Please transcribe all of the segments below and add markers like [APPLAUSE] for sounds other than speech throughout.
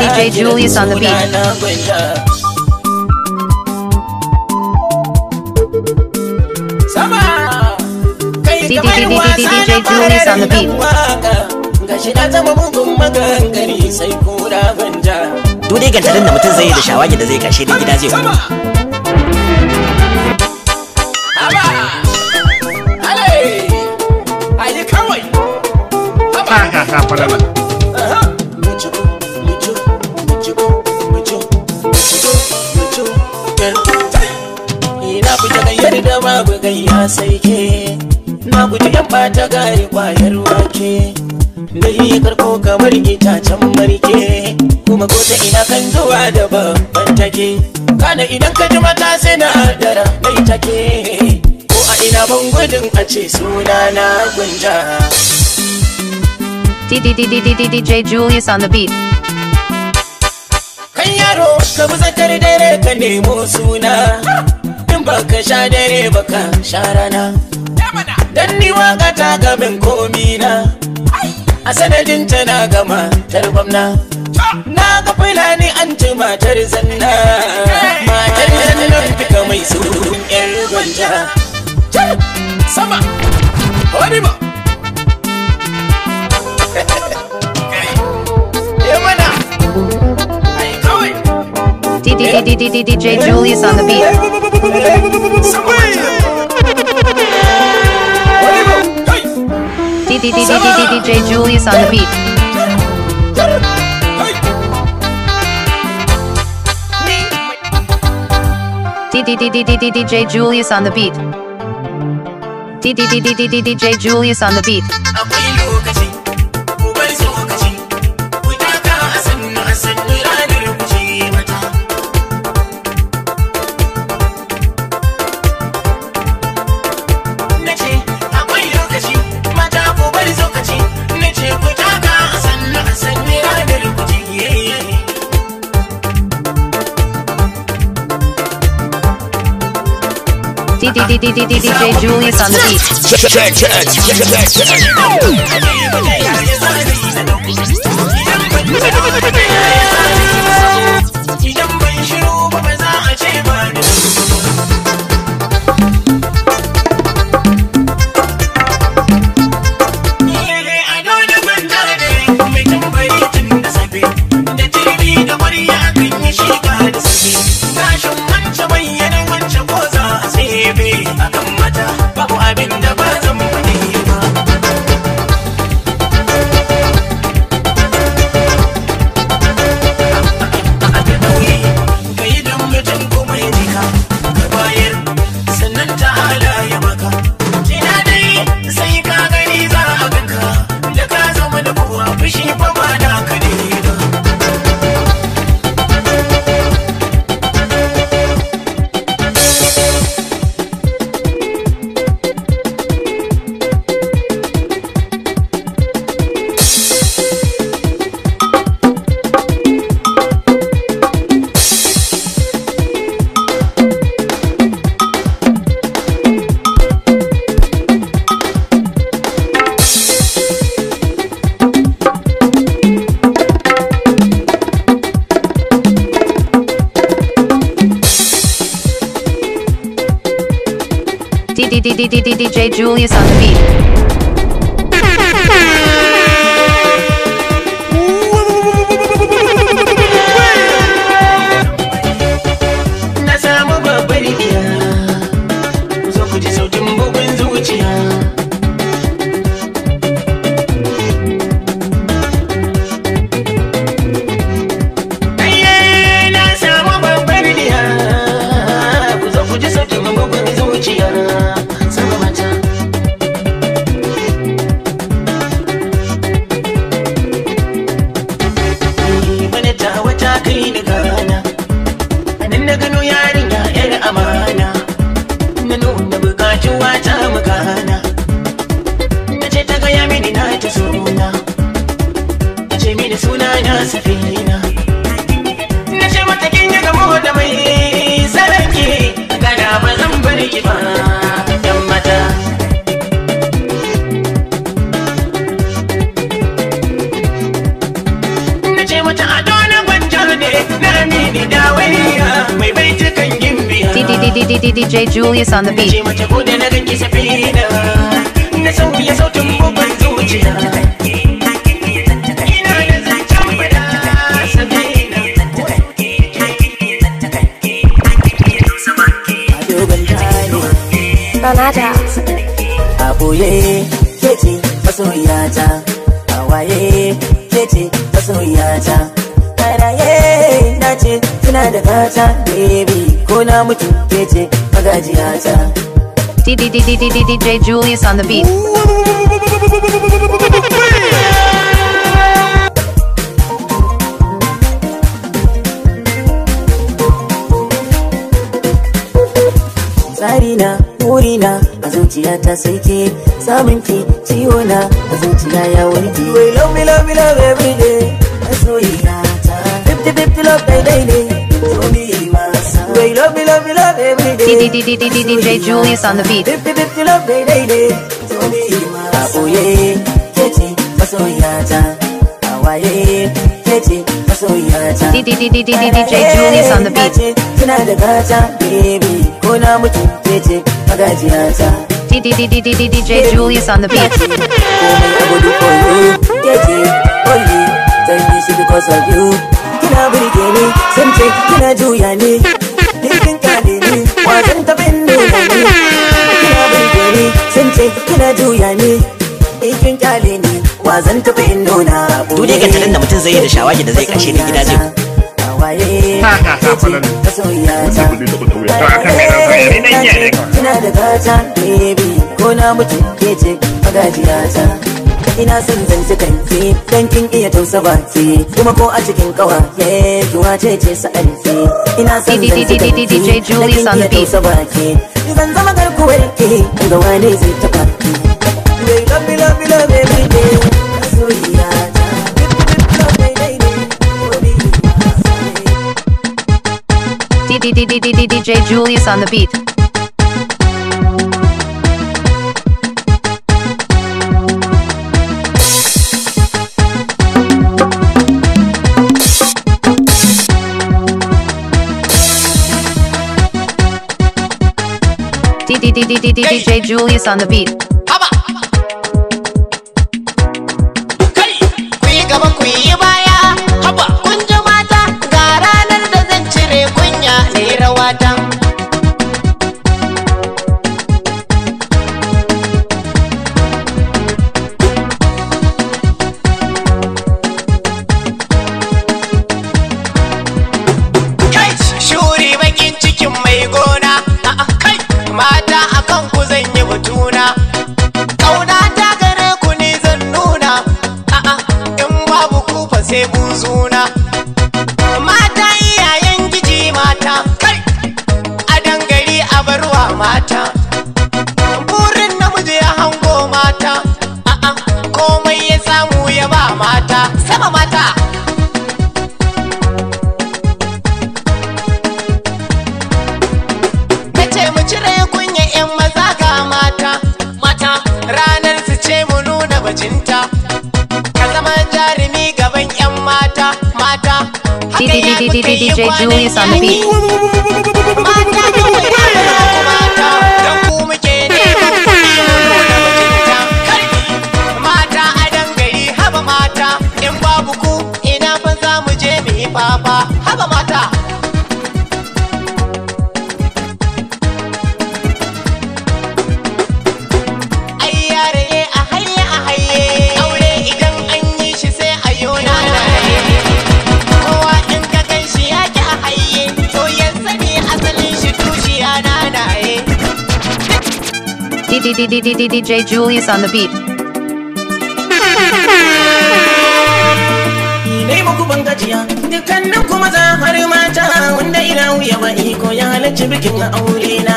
DJ Julius on the beat. DJ Julius on the beat. to the Duk da mutum zai yi da shawagi da zai na saike na guji yan bata gari kwayar wake da yi karko kamar itacen barke kuma ko ta ina kan zuwa da babban take kana idan ka ji mata sai na adara mai take ko a ina ban gudun a ce suna na gunja DJ Julius on the beat. Kan yaro ka bi zakar dare ka nemo suna. in baka sha dare baka sha rana dan ni waka ta gamin komi na a sanadin ta na ga matar gwamna na ga fulani an ce matar zanna matar zanna fika mai surun yar gwanja sama wani ba DJ Julius on the beat. DJ Julius on the beat. DJ Julius on the beat. DJ Julius on the beat. DJ Julius on the beat. Check, check, check, check, check, check. Julius on the beat. na ce mata kin yi da mai sarki kada ba zan ba dan mata na ce mata ado na gwanja ne na dawaiya mai ta kan gimbiya DJ Julius on the beat. nata a boye masoyata a waye masoyata a raye na ce kina da gata baby ko mutu kece magajiyata DJ Julius on the beat. Zarina burina a zuciyata sai ke samun ki ciwo na ya warke wai love me love me love every day a ta 50 50 love daidai ne so DJ Julius on the beat DJ Julius on the beat magajiyata DJ Julius on the beat do for get Jeje, only Tell me she because of you Kina burge ni, sance kina juya ni kwaye ta ce ta soya ta kina da gata baby ko na mutu ke ce magajiya ta ina son zance kanki dan kin iya tausa baki kuma ko a cikin kawa eh, ke zuwa ce ce sa'anki ina son zance kanki dan kin iya tausa baki zan zama garkuwar ki ga wani zai taba ki baby love love love every day DJ Julius on the beat. DJ Julius on the beat. DJ Julius on the beat. DJ Julius on the beat. gajiya, dukkanin kuma za wanda ina ya halarci iko ya halarci bikin aure na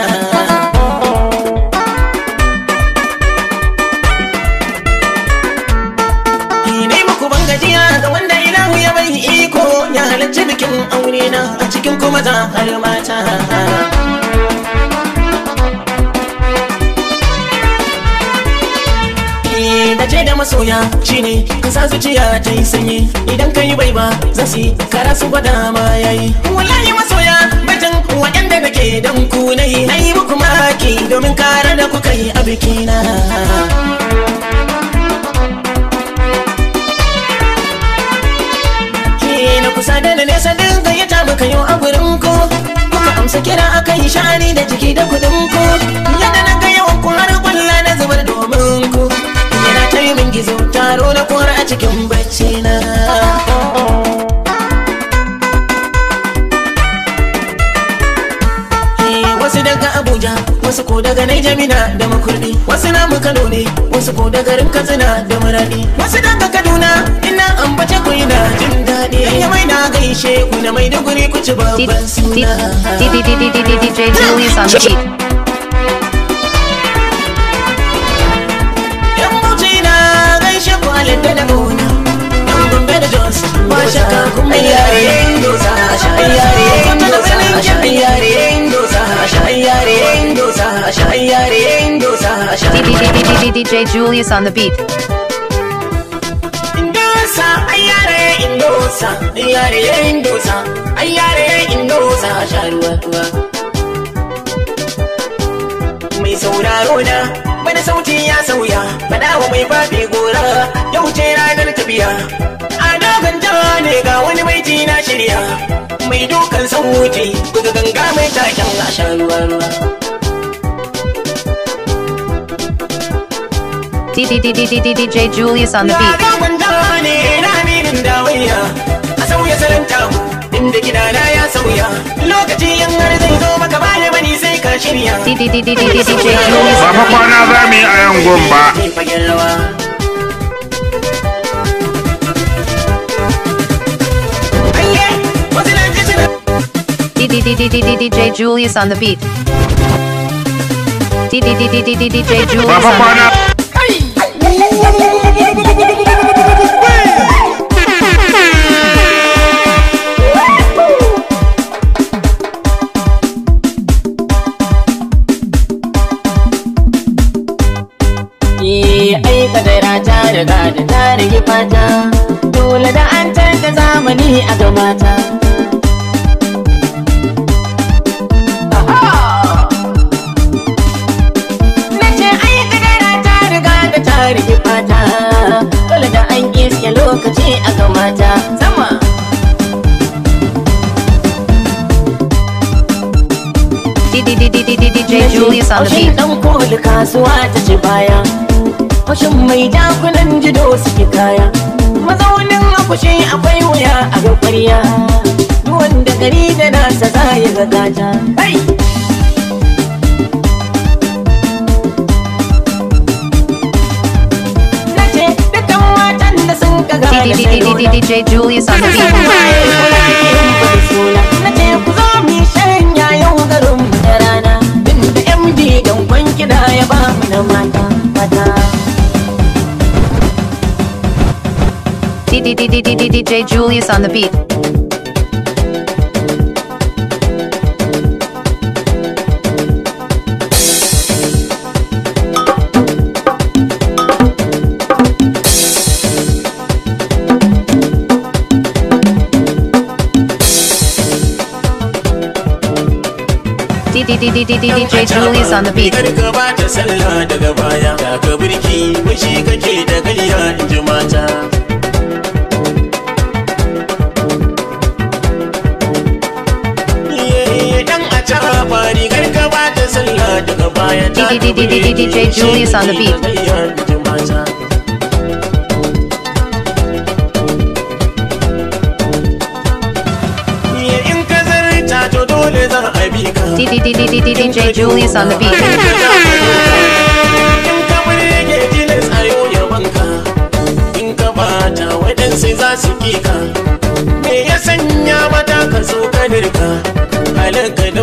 a cikin kuma za mata. masoya shine ka sa zuciya ta yi sanyi idan ka yi bai ba za su yi kara su gwada ma yayi wallahi masoya bajin waɗanda ke dan ku na yi na yi muku maki domin kare da kuka yi a biki na kusa da na nesa dinga ya taɓa yau a gurin ku kuka amsa kira akan yi sha'ani da jiki da kuɗin ku yadda na ga yawan ku har a cikin bacci na wasu daga abuja wasu ko daga naijamina da makurdi wasu namu kano ne wasu ko daga garin katsina da maradi wasu daga kaduna ina ambace ku ina jin daɗi ya mai na gaishe ku na mai duguri ku ci babban suna da ba mai yare DJ Julius on the beat. Indosa, ayare indosa, ayare indosa, ayare indosa, sharuwa. Mai sauraro na sauti ya sauya faɗa wa mai fafi gora yau ce ranar tafiya a dagon ne ga wani mai na shirya mai dukan sauti buga ganga mai taken a sha ruwa ruwa DJ Julius on the beat. A sauya salon tamu, inda gidana ya sauya, lokaci yan zai zo maka bani mani ba fa kwana za mu yi a DJ Julius on the beat. DJ Julius on the beat. riga da ta rage fata dole da an canza zamani a gabata rike fata dole da an iske lokaci a kamata sama DJ Julius on the koli kasuwa ta ci baya. fashin mai dakunan jido suke kaya mazaunin akushe akwai wuya a ga kwarya wanda gari da nasa za ya ga gata DJ Julius on the beat. Na ce ku zo yau garin da rana, inda MD don kiɗa ya ba mu na mata, mata. DJ Julius on the beat. DJ Julius on the beat. DJ Julius on the beat. DJ Julius on the beat. sai za su kika me ya sanya mata ka so ka dirka halin ka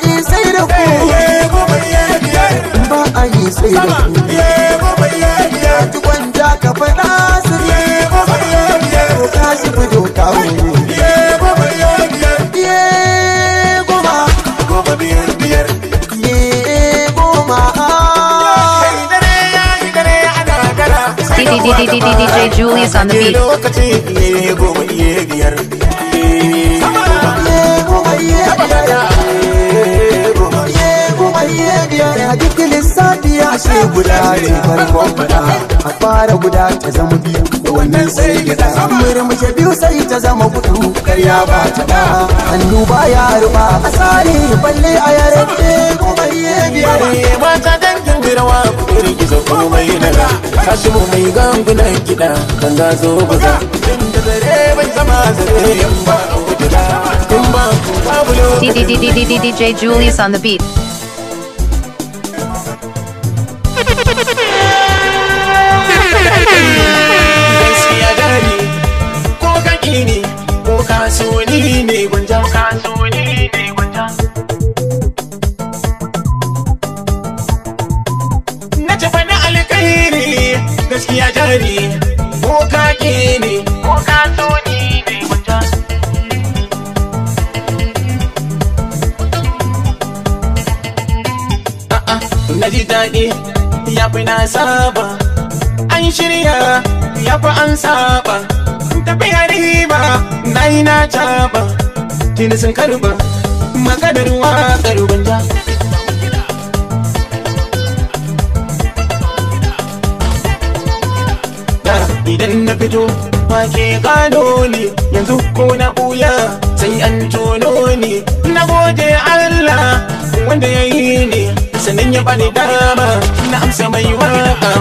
nasiri ya gwanja ka fa nasiri ko ka shi budo ka biyar biyar DJ Julius on the beat. sai guda ne farkon fada a fara guda ta zama biyu da wannan sai gida murmushe biyu sai ta zama hudu karya ba ta da hannu ba ya ruba a tsari balle a yare ne komai ya biya eh, mata dangin girma kuɗin gizo komai daga kashi mu mai gangunan kiɗa kan gazo baza tun da zare bai zama zare yan ba a wujira tun ba babu DJ Julius on the beat. sani ko ne ko ka ne wata a'a na ji daɗi ya fi na saba an shirya ya fi an saba tafiya riba na yi na caba tuni sun karba maganar waƙar banja idan na fito wake gano ne yanzu ko na buya sai an tono ne na gode Allah wanda ya yi ne sannan ya bani dama na amsa mai waka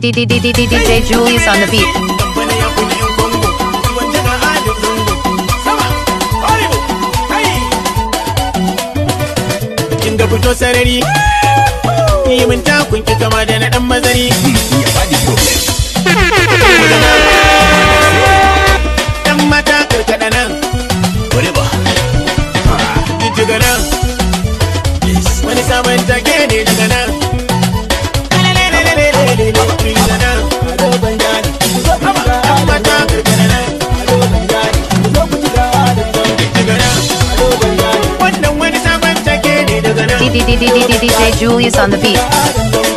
David DJ Julius on the beat fito sarari yi min takun kama da na dan mazari ya body problem [LAUGHS] DJ Julius on the beat.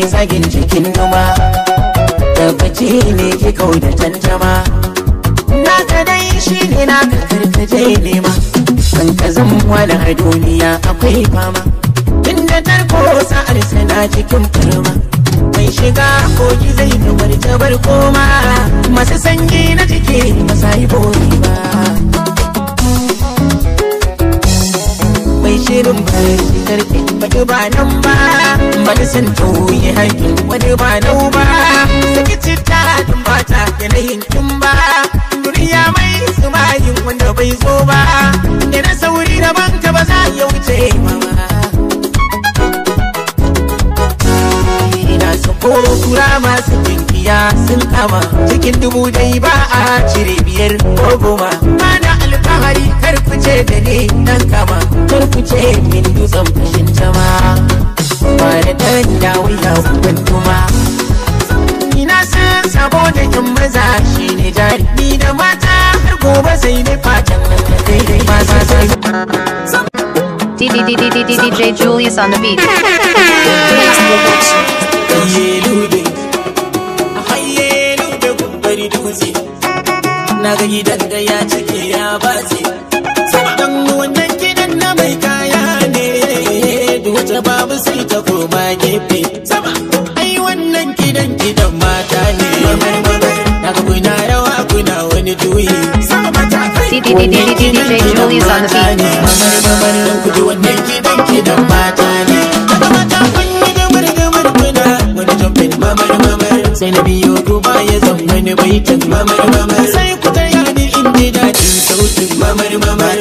ne zagin jikin numa tabbaci ne ki kau da tantama naka dai shi ne na naka karkaje nema kan ka zama da duniya akwai fama tun da tarko sa'ar sana cikin firma mai shiga kogi zai nubar bar koma masu sanyi na jiki ba sa yi ba mai shirin barci sarki baki ba nan ba bani san tauye haƙi wani ba nau ba saki citta din bata yanayin kin ba duniya mai sumayin wanda bai zo ba yana sauri na banka ba za ya wuce ba ina kura masu kinki ya sun kama cikin dubu dai ba a cire biyar ko goma mana alfahari kar ku ce da ne nan kama kar ku min dutsen fashin jama ba da dan yawon yawon kuma ina san da yin maza shine jari ni da mata har gobe sai ne fatan nan ka daidai ba sa DJ Julius on the beat. motsi na gani ya cike ya batse sabon wannan gidan na mai kaya ne duk wata babu sai ta koma gefe sama ai wannan gidan gidan mata ne na kuna rawa kuna wani juyi mama mama mamar sai ku ta yani inda daɗin sautin mama mama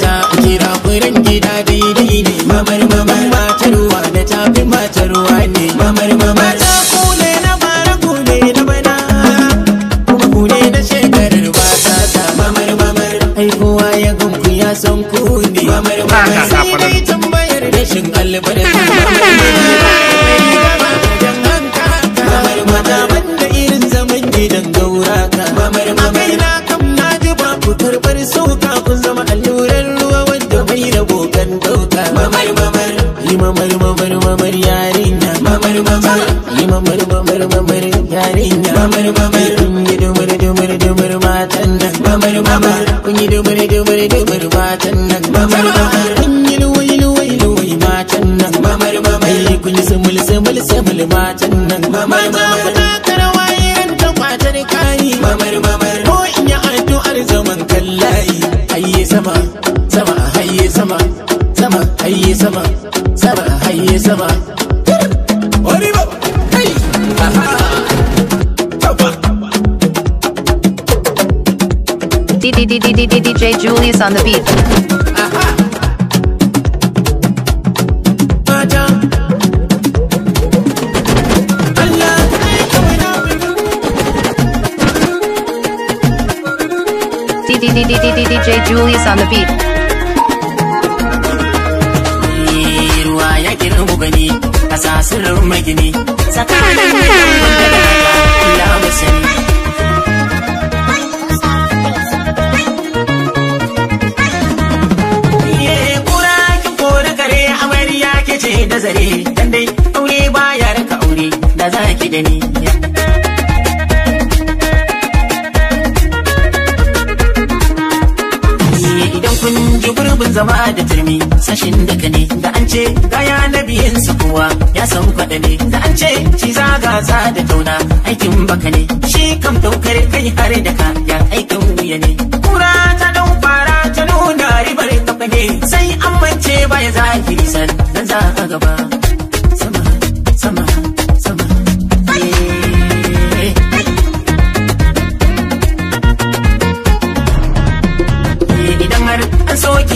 mamar mamar eh, yi addu'ar sama sama sama sama sama sama sama DJ Julius on the beat. DJ Julius on the beat. Ruwa sashin daga ne da an ce gaya na biyan su kuwa ya san kwaɗa ne da an ce shi zaga za da tauna aikin baka ne shi kam daukar kai har da ka ya aikin wuya ne kura ta don fara ta nuna ribar kafa ne sai an mance baya zahiri san nan za a gaba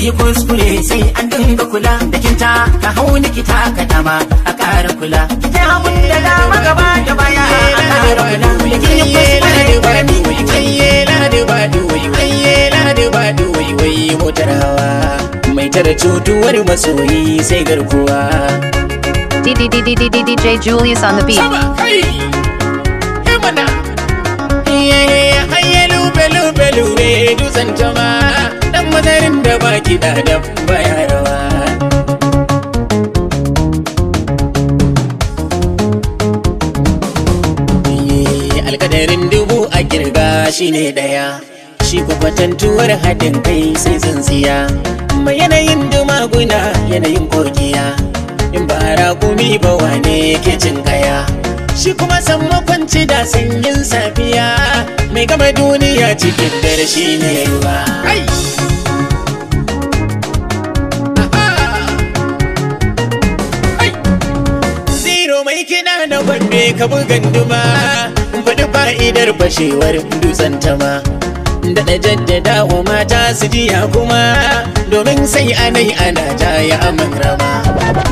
yi kuskure sai an dinga kula da kinta ka hau nikita ka dama a kara kula ki ta mun da dama gaba da baya a kara kula da kin yi kuskure da ba wai ba du wai motar hawa mai tara cutuwar masoyi sai garkuwa DJ Julius on the beat. hey, hey, hey, lube, lube, lube, dan mazarin da ba gida da baya rawa eh, alkadarin dubu a girga shine daya shi kwatantuwar haɗin kai sai zanziya mai yanayin dumaguna yanayin kogiya in ba ragumi ba wane ke cin kaya shi kuma san makwanci da sanyin safiya mai gama duniya cikin dare shine ruwa mai kina na gwanne ka bugan duma faɗi fa'idar fashewar dutsen tama da na jaddada wa mata su jiya kuma domin sai anai ana jaya aman rama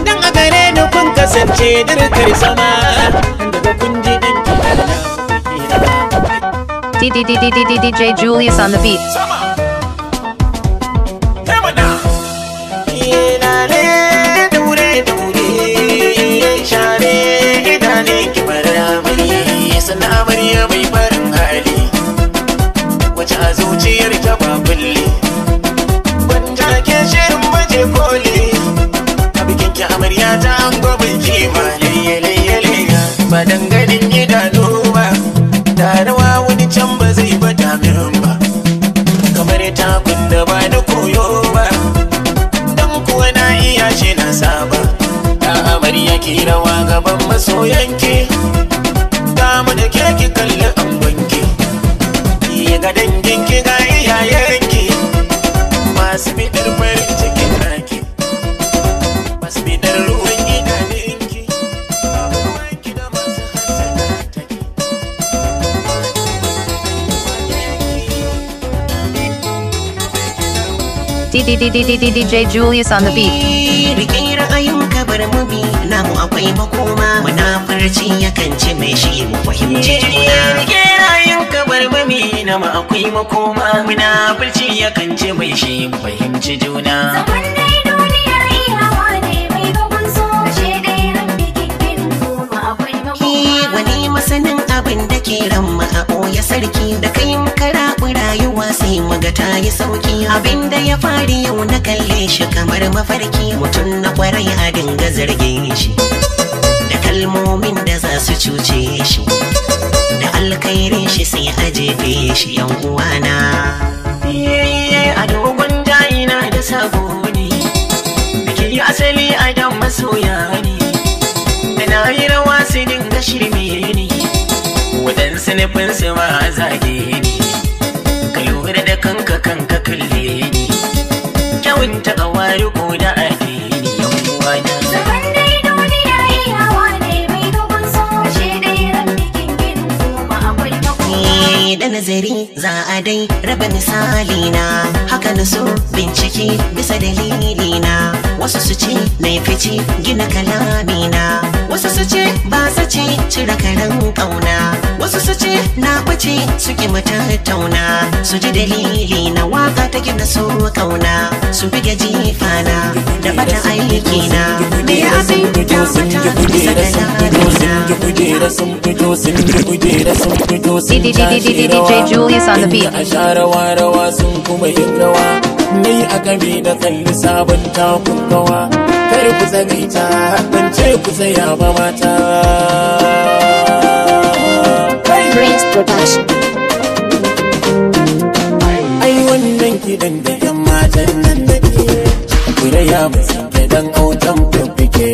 dan a gare ni kun kasance durkar sama daga kun ji din DJ Julius on the beat. sana amarya mai barin hali wace a zuciyar ta ba kulle ban ke shirin baje koli a bikin ki amarya ta an gwabin kima layyalayyale ba dangalin idanu ba rawa wani can ba zai bata min ba kamar takun da ba da koyo ba dan kuwa na iya shi na saba ta amarya ki rawa gaban masoyanki ki DJ Julius on the beat. manufar mu bi namu akwai makoma munafurci yakan ci mai shi mu fahimci juna rayin kabar na namu akwai makoma munafurci yakan ci mai shi mu fahimci juna abin da ke ran mu a sarki da kai muka ku rayuwa sai mu ga ta yi sauki abin da ya fari yau na kalle shi kamar mafarki mutum na kwarai a dinga zargin shi da kalmomin da za su cuce shi da alkhairin shi sai a jefe shi yan uwana a dogon na da sabo ne biki asali a dan masoya ne da na yi rawa sai dinga shirme ne nufin su a zage ni ka lura da kanka kanka kalle ni kyawun ta kawaru ko da ake da nazari za a dai raba misali na haka na so bincike bisa dalili na wasu su ce laifici gina kalami na wasu su ce ba su ce cire karan kauna wasu su ce na kwace suke matattauna su ji dalili na waka ta gina so kauna su bi gaji jifana da bata aiki na da ya abin da mata bisa da lalina sun fito sun DJ Julius on the beat. rawa sun kuma yin rawa. Ni a gabe da kalli sabon takun gawa. Kar ku tsagaita, ban ce ku tsaya ba mata. Ai wannan kidan da yan matan nan da ke. Kure ya musu dan autan kurkuke.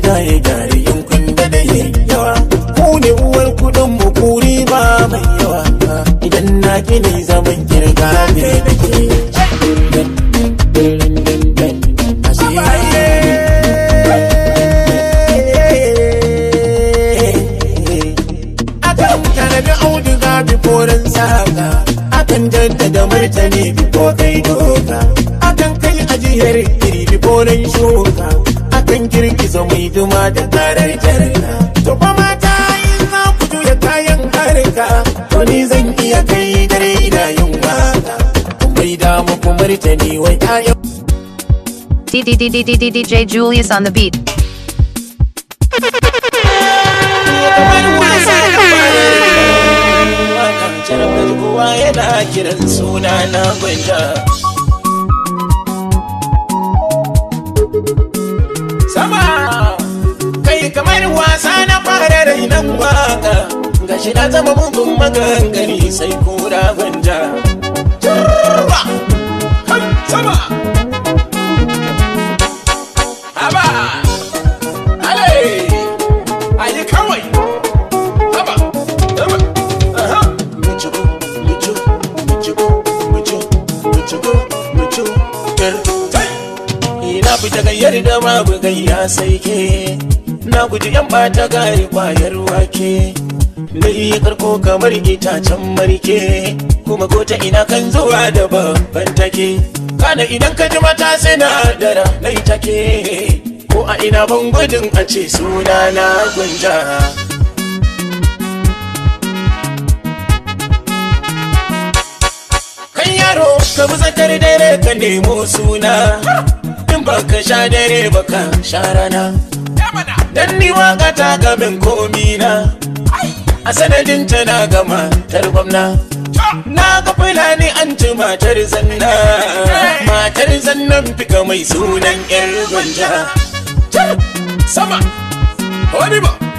Die die. DJ Julius on the beat. kowa yana kiran suna na gwanda. Sama kai kamar wasa na fara rainan waka gashi na zama mugun magangari sai kura gwanda. ba bugai ya sai ke na guji yan bata gari kwayar wake yi karko kamar itacen marke kuma ko ta ina kan zuwa da babban take kana idan ka ji mata sai na dara nai take ko a ina ban gudun a ce suna na gunja kan yaro ka buzantar dare ka nemo suna ba baka sha dare baka sha rana dan ni waka ta gamin komi na a sanadin ta na ga gama tarwamna na ga fulani an ci matar zanna matar zannan fika mai sunan yar gwanja sama wani ba